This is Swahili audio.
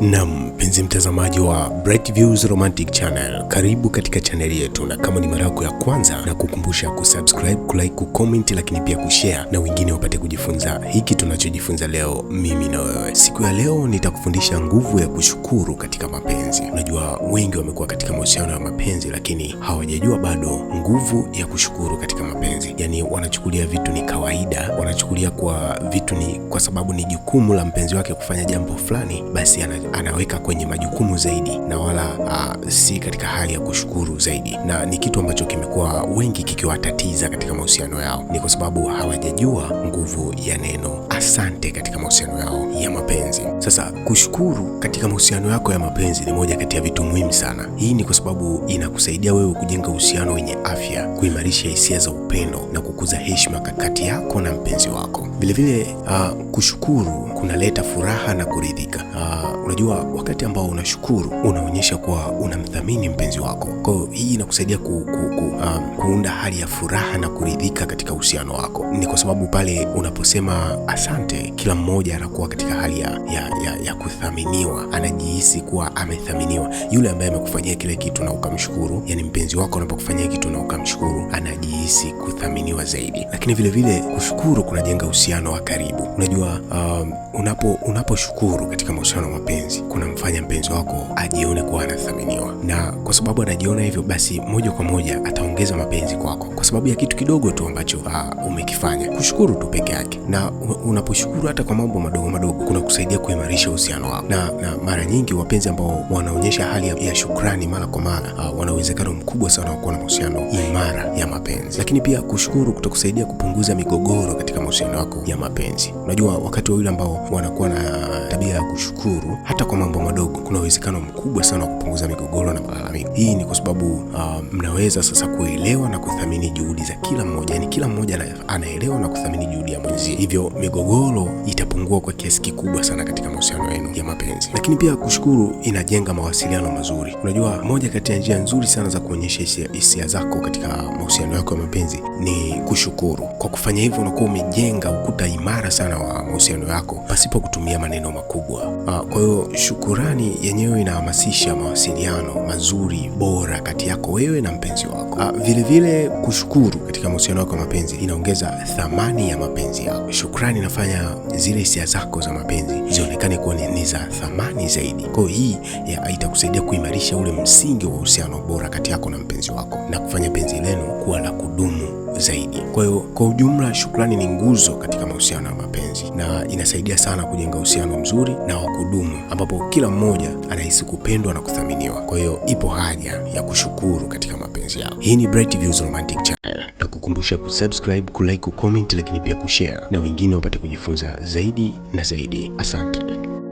Na mpenzi mtazamaji wa Bright Views Romantic Channel, karibu katika chaneli yetu, na kama ni mara yako ya kwanza, na kukumbusha kusubscribe, kulike, kucomment, lakini pia kushare na wengine wapate kujifunza hiki tunachojifunza leo, mimi na wewe. Siku ya leo nitakufundisha nguvu ya kushukuru katika mapenzi. Unajua wengi wamekuwa katika mahusiano ya mapenzi, lakini hawajajua bado nguvu ya kushukuru katika mapenzi. Yaani wanachukulia vitu ni kawaida, wanachukulia kwa vitu ni kwa sababu ni jukumu la mpenzi wake kufanya jambo fulani, basi ana anaweka kwenye majukumu zaidi na wala uh, si katika hali ya kushukuru zaidi, na ni kitu ambacho kimekuwa wengi kikiwatatiza katika mahusiano yao, ni kwa sababu hawajajua nguvu ya neno asante katika mahusiano yao ya mapenzi. Sasa kushukuru katika mahusiano yako ya mapenzi ni moja kati ya vitu muhimu sana. Hii ni kwa sababu inakusaidia wewe kujenga uhusiano wenye afya, kuimarisha hisia za upendo na kukuza heshima kati yako na mpenzi wako. Vilevile uh, ah, kushukuru kunaleta furaha na kuridhika. Uh, unajua wakati ambao unashukuru unaonyesha kuwa unamthamini mpenzi wako. Kwa hiyo hii inakusaidia ku, ku, ku, um, kuunda hali ya furaha na kuridhika katika uhusiano wako. Ni kwa sababu pale unaposema asante, kila mmoja anakuwa katika hali ya, ya ya, ya kuthaminiwa, anajihisi kuwa amethaminiwa. Yule ambaye amekufanyia kile kitu na ukamshukuru, yani mpenzi wako anapokufanyia kitu na ukamshukuru, anajihisi kuthaminiwa zaidi. Lakini vilevile vile, kushukuru kunajenga uhusiano wa karibu. Unajua um, unapo unaposhukuru katika mahusiano ya mapenzi kunamfanya mpenzi wako ajione kuwa anathaminiwa, na kwa sababu anajiona hivyo, basi moja kwa moja ataongeza mapenzi kwako kwa sababu ya kitu kidogo tu ambacho uh, umekifanya, kushukuru tu peke yake. Na unaposhukuru hata kwa mambo madogo madogo kunakusaidia kuimarisha kuimarisha uhusiano wako na, na mara nyingi wapenzi ambao wanaonyesha hali ya, ya shukrani mara kwa mara uh, wana uwezekano mkubwa sana wa kuwa na mahusiano imara ya mapenzi. Lakini pia kushukuru kutakusaidia kupunguza migogoro katika mahusiano yako ya mapenzi. Unajua, wakati wawili ambao wanakuwa na tabia ya kushukuru hata kwa mambo madogo, kuna uwezekano mkubwa sana wa kupunguza migogoro na malalamiko. Hii ni kwa sababu uh, mnaweza sasa kuelewa na kuthamini juhudi za kila mmoja, yani kila mmoja anaelewa na kuthamini juhudi ya mwenzie, hivyo migogoro itapungua kwa kiasi kikubwa sana katika mahusiano yenu ya mapenzi. Lakini pia kushukuru inajenga mawasiliano mazuri. Unajua, moja kati ya njia nzuri sana za kuonyesha hisia zako katika mahusiano yako ya mapenzi ni kushukuru. Kwa kufanya hivyo, unakuwa umejenga ukuta imara imara sana wa mahusiano yako pasipo kutumia maneno makubwa. Ah, kwa hiyo shukurani yenyewe inahamasisha mawasiliano mazuri bora kati yako wewe na mpenzi wako. vilevile ah, vile vile kushukuru katika mahusiano yako ya mapenzi inaongeza thamani ya mapenzi yako. Shukrani inafanya zile hisia zako za mapenzi zionekane kuwa ni za thamani zaidi. Kwa hiyo hii itakusaidia kuimarisha ule msingi wa uhusiano bora kati yako na mpenzi wako na kufanya penzi lenu kuwa la kwa hiyo kwa ujumla, shukrani ni nguzo katika mahusiano ya mapenzi na inasaidia sana kujenga uhusiano mzuri na wa kudumu, ambapo kila mmoja anahisi kupendwa na kuthaminiwa. Kwa hiyo ipo haja ya kushukuru katika mapenzi yao. Hii ni Bright Views Romantic Channel, na kukumbusha kusubscribe, kulike, kucomment, lakini pia kushare na wengine wapate kujifunza zaidi na zaidi. Asante.